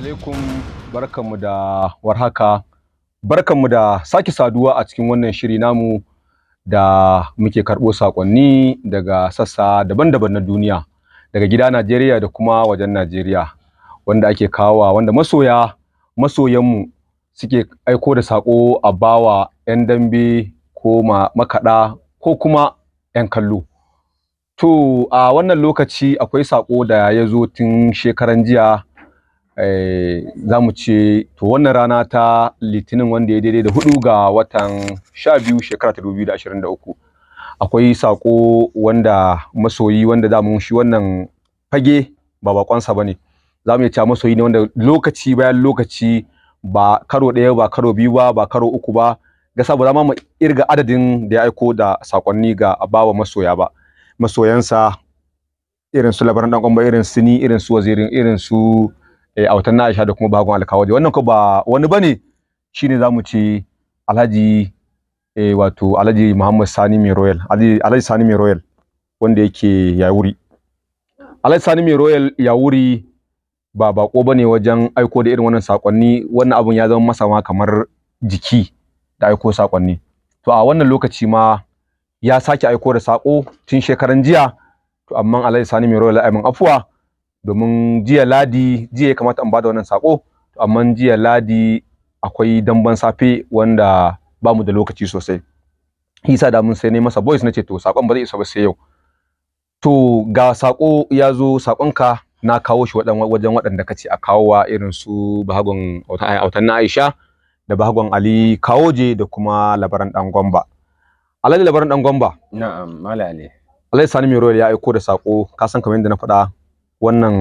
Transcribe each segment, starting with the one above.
alaikum barkanmu da warhaka barkanmu da sake saduwa a cikin wannan shiri namu da muke karɓo sakonni daga sassa daban-daban na duniya daga gida Najeriya da kuma wajen Najeriya wanda ake kawo wanda masoya masoyanmu suke aiko da sako a bawa 'yan dambe ko makaɗa ko kuma 'yan kallo to a wannan lokaci akwai sako da ya zo tun shekaran jiya Eh, za mu ce to wannan rana ta litinin wanda ya daidai da hudu ga watan sha biyu shekara ta dubu da ashirin da uku akwai sako wanda masoyi wanda za mu shi wannan fage ba bakonsa ba ne za mu iya masoyi ne wanda lokaci bayan lokaci ba karo ɗaya ba karo biyu ba ba karo uku ba ga ba za mu irga adadin da ya aiko da sakonni ga bawa masoya ba masoyansa irin su labaran dan irin su ni irin su wazirin irin su Eh, a wata na Aisha da kuma bagon alkawaje wannan ko ba wani bane shine zamu ci Alhaji eh wato Alhaji Muhammad Sani Mai Royal Alhaji Sani Mai Royal wanda yake Yawuri Alhaji Sani Mai Royal Yawuri ba bako bane wajen aiko da irin wannan sakonni wannan abun ya zama masa ma kamar jiki da aiko sakonni to a wannan lokaci ma ya sake aiko da sako tun shekaran jiya to amma Alhaji Sani Mai Royal mun afuwa domin jiya ladi jiya ya kamata in bada wannan sako amma jiya ladi akwai damban safe wanda ba mu da lokaci sosai hisa da mun sai ne masa boys nace to sakon ba zai isa ba sai yau to ga sako ya zo sakonka na kawo shi wajen waɗanda kace a kawowa irin su bahagon eh, autan na Aisha da bahagon Ali Kawoje da kuma labaran dan Gomba Alhaji labaran dan Gomba na'am malale Alhaji Sani royal ya aiko da sako ka san kamar yadda na faɗa wannan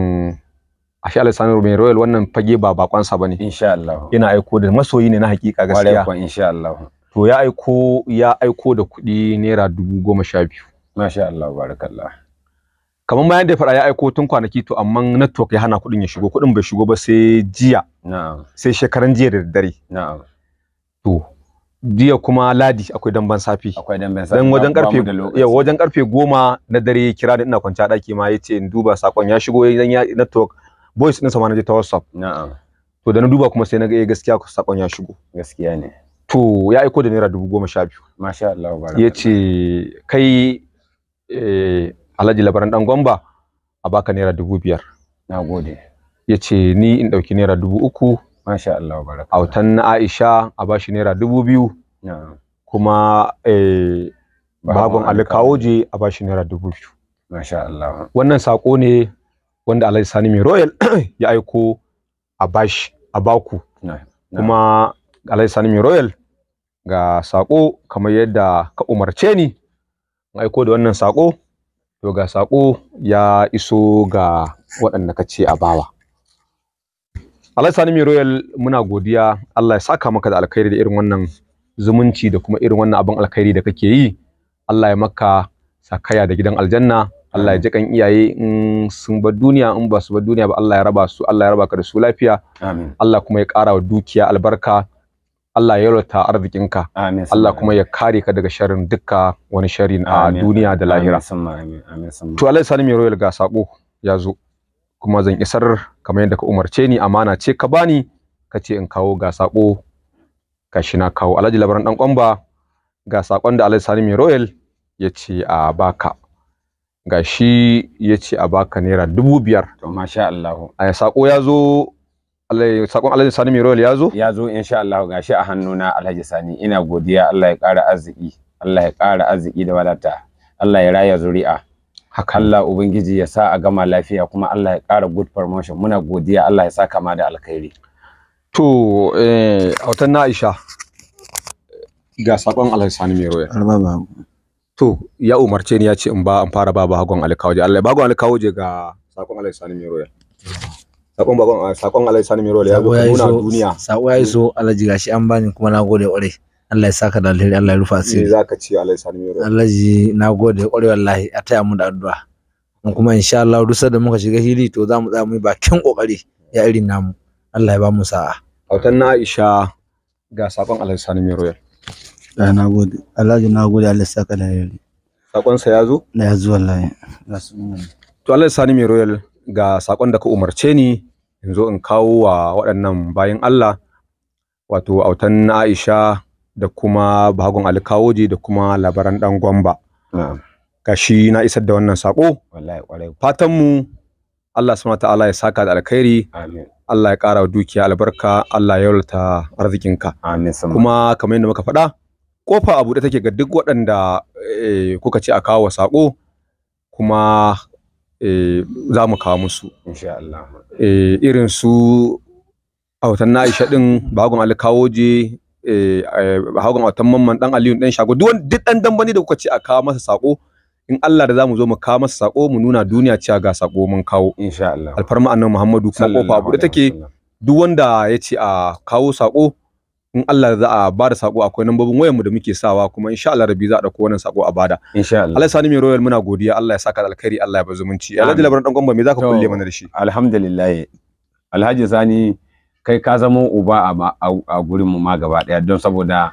Ashe Allah Sami Ruben Royal wannan fage ba bakonsa bane insha Allah ina aiko da masoyi ne na hakika gaskiya kwarai insha Allah to ya aiko ya aiko da kuɗi naira dubu goma sha biyu masha Allah barakallah kamar bayan da fara ya aiko tun kwanaki to amma network ya hana kudin ya shigo kudin bai shigo ba sai jiya na'am sai shekaran jiya da daddare na'am to jiya kuma ladi akwai damben safi akwai damben safi dan wajen karfe ya wajen karfe goma na dare kira da ina kwanciya daki ma yace in duba sakon ya shigo dan ya network voice din sa ma je ta WhatsApp na'am to da na duba kuma sai na ga eh gaskiya sakon ya shigo gaskiya ne to ya aiko da naira dubu goma sha biyu masha Allah baraka yace kai eh Alhaji Labaran dan Gomba a baka naira dubu biyar nagode yace ni in dauki naira dubu uku Masha Allah baraka. Autan na Aisha a bashi naira dubu biyu. Kuma eh, bagon alkawoje a bashi naira dubu biyu. Masha Allah. Wannan sako ne wanda Alhaji Sani mai Royal ya aiko a bashi a baku. Kuma Alhaji Sani mai Royal ga sako kamar yadda ka umarce ni aiko da wannan sako to ga sako ya iso ga waɗanda ka ce a bawa. Allah sani mai royal muna godiya Allah ya saka maka da alkhairi da irin wannan zumunci da kuma irin wannan abin alkhairi da kake yi Allah ya maka sakaya da gidan aljanna Allah ya kan iyaye in sun bar duniya in ba su bar duniya ba Allah ya raba su Allah ya raba ka da su lafiya amin Allah kuma ya kara wa dukiya albarka Allah ya yalwata arzikinka Allah kuma ya kare ka daga sharrin dukka wani shirin a duniya da lahira to Allah ya sani mai royal ga sako ya zo kuma zan isar kamar yadda ka umarce ni amana ce ka bani ka ce in kawo ga sako gashi na kawo Alhaji Labaran dan kwamba ga sakon da Alhaji Sani Royal ya ce a baka gashi ya ce a baka naira dubu biyar to masha Allah a sako ya zo sakon Alhaji Sani Royal ya zo ya zo insha Allah gashi a hannuna Alhaji Sani ina godiya Allah ya ƙara arziki Allah ya ƙara arziki da wadata Allah ya raya zuri'a hakalla ubangiji ya sa a gama lafiya kuma Allah ya ƙara good promotion muna godiya Allah ya sa kama da alkhairi to eh autan Aisha ga sakon Allah sani mai roya to ya umarce ni ya ce in ba an fara ba hagon alkawoje Allah bagon alkawoje ga sakon Allah sani mai roya sakon bagon sakon Allah sani mai roya ya zo nuna duniya sako ya iso Allah ji gashi an bani kuma na gode ƙwarai Allah ya saka da alheri Allah ya rufa asiri za ka ci Allah ya sani mai Allah ji na gode kwarai wallahi a taya mu da addu'a mun kuma insha Allah rusa da muka shiga hili to za mu tsaya mu bakin kokari ya irin namu Allah ya ba mu sa'a autan na Aisha ga sakon Allah ya sani mai royal ah, da na gode ji na gode Allah ya saka da alheri sakon sa ya zo na ya zo wallahi to Allah ya sani mai royal ga sakon da ka umarce ni in zo in kawo wa waɗannan bayin Allah wato autan na Aisha da kuma bagon alkawoji da kuma labaran dan gwamba kashi na isar da wannan sako fatan mu Allah subhanahu ta'ala ya saka da alkhairi Allah ya kara dukiya albarka Allah ya yaulata arzikinka kuma kamar yadda muka faɗa kofa a da take ga duk waɗanda eh, kuka ce a kawo sako kuma eh, za mu kawo musu eh, irin su a watan na Aisha din bagon alkawoji eh hagun watan mamman dan Aliyu dan Shago duk duk dan dambani da kuka ce a kawo masa sako in Allah da zamu zo mu kawo masa sako mu nuna duniya cewa ga sako mun kawo insha Allah alfarma annabi Muhammadu kuma kofa abu da take duk wanda ya ce a kawo sako in Allah za a bada sako akwai nambobin wayar mu da muke sawa kuma insha Allah rabi za a dauko wannan sako a bada insha Allah Allah sani mai royal muna godiya Allah ya saka alkhairi Allah ya bazumunci Alhaji Labaran dan Gombe me zaka kulle mana da shi alhamdulillah Alhaji Sani kai ka zama uba a gurin mu ma gaba daya don saboda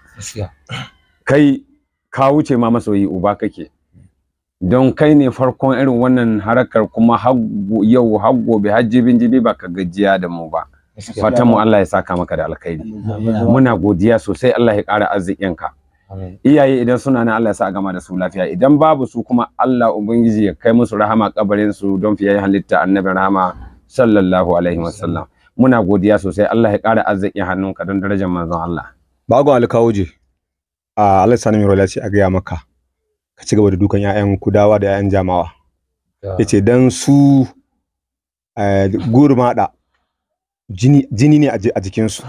kai ka wuce ma masoyi uba kake don kai ne farkon irin wannan harakar kuma yau har gobe har jibin jibi ba ka gajiya da mu ba Fatanmu Allah ya saka maka da alkhairi muna godiya sosai Allah ya ƙara arzikinka iyaye idan suna nan Allah ya sa a gama da su lafiya idan babu su kuma Allah ubangiji ya kai musu rahama kabarin su don fiye halitta annabi rahama sallallahu alaihi wasallam muna godiya sosai Allah ya ƙara arzikin hannunka don darajar manzon Allah bagon alkawoje a Allah sani mai ce a gaya maka ka ci gaba da dukan 'ya'yan kudawa da 'ya'yan jamawa yace dan su gurmada jini ne a jikinsu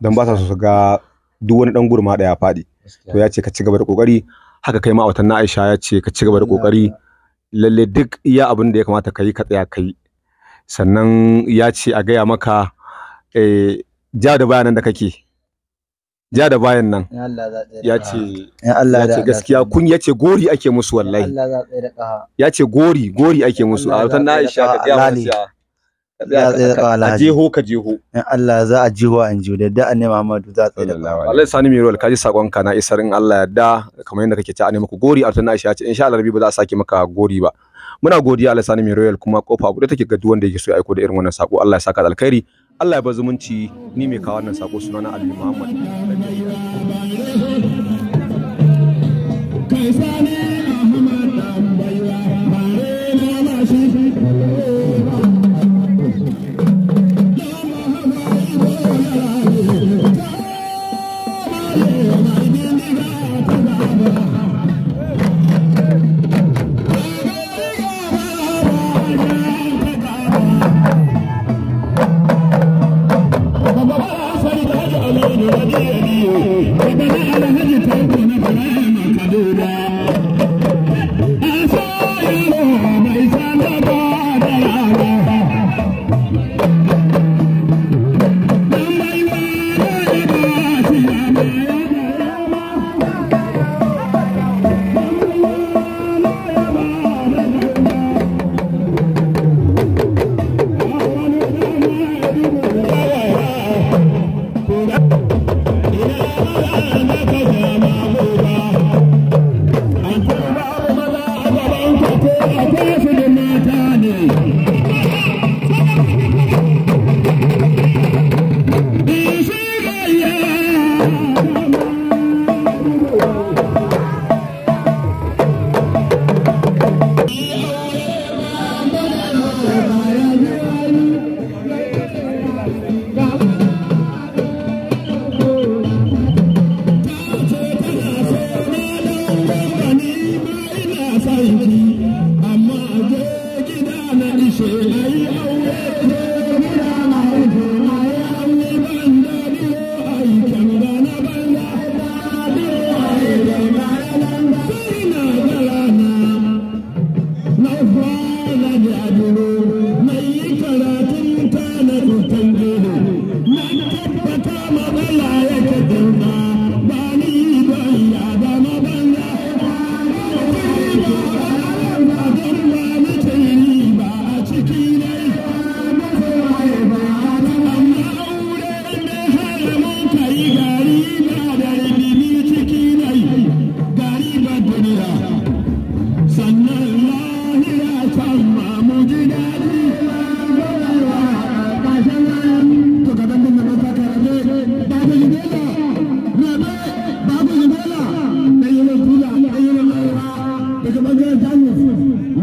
don ba sa su ga duk wani dan gurmada ya faɗi to ya ce ka ci gaba da kokari haka kai ma watan na Aisha ya ce ka ci gaba da kokari lalle duk iya abin da ya kamata ka yi ka tsaya ka yi sannan ya ce a gaya maka eh, ja da bayanan da kake ja da bayan nan ya ce ya ce gaskiya kun ya ce gori ake musu wallahi ya ce gori gori ake musu a watan na'isha ka ga wani a jeho ka jeho in Allah za a jeho an jiyo da annabi Muhammadu za a tsaye da Allah sani mai ruwal kaji sakon ka na isar in Allah da kamar yadda kake ta annabi ku gori a wata Aisha ya ce insha Allah rabi ba za a sake maka gori ba muna godiya Allah sani mai royal kuma kofa guda take ga duk wanda yake so ya aiko da irin wannan sako Allah ya saka da alkhairi Allah ya ba zumunci ni mai kawo wannan sako sunana Ali Muhammad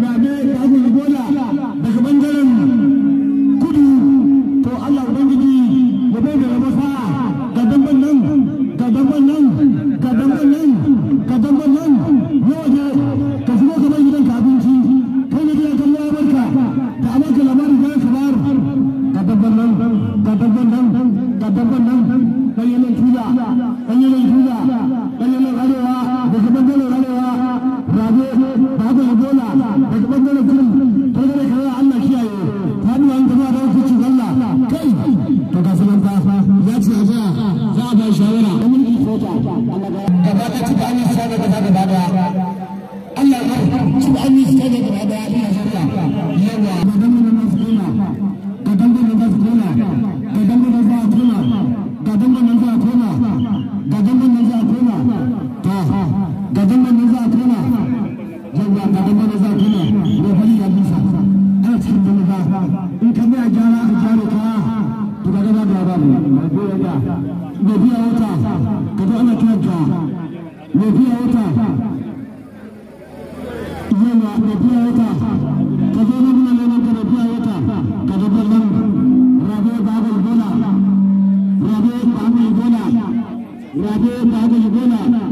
Rame Babu Angola daga bangaren ta bangaren kaza Allah kiyaye faduwa in gaba da hukuncin Allah kai to ga sunan fa ya ce za za a ba shawara gaba ta tuba an yi sada gaba gaba da Allah ya tuba an yi sada gaba da ya ina shirya yawa ga dangane na su da ga dangane ka su da za a na ka kona ga dangane a su ka ga da za a kona ka ga da za a kona Lohani Gandhi sahaja. Alexander Gandhi. Ini kami ajar ajar kita. Tidak ada apa-apa. Tidak ada. Tidak ada apa. Kita hanya kita. Tidak ada apa. Ia tidak ada apa. Kita hanya kita. Tidak ada apa. Kita hanya kita. Rabi Bagul Bola. Rabi Bagul Bola. Rabi Bagul Bola.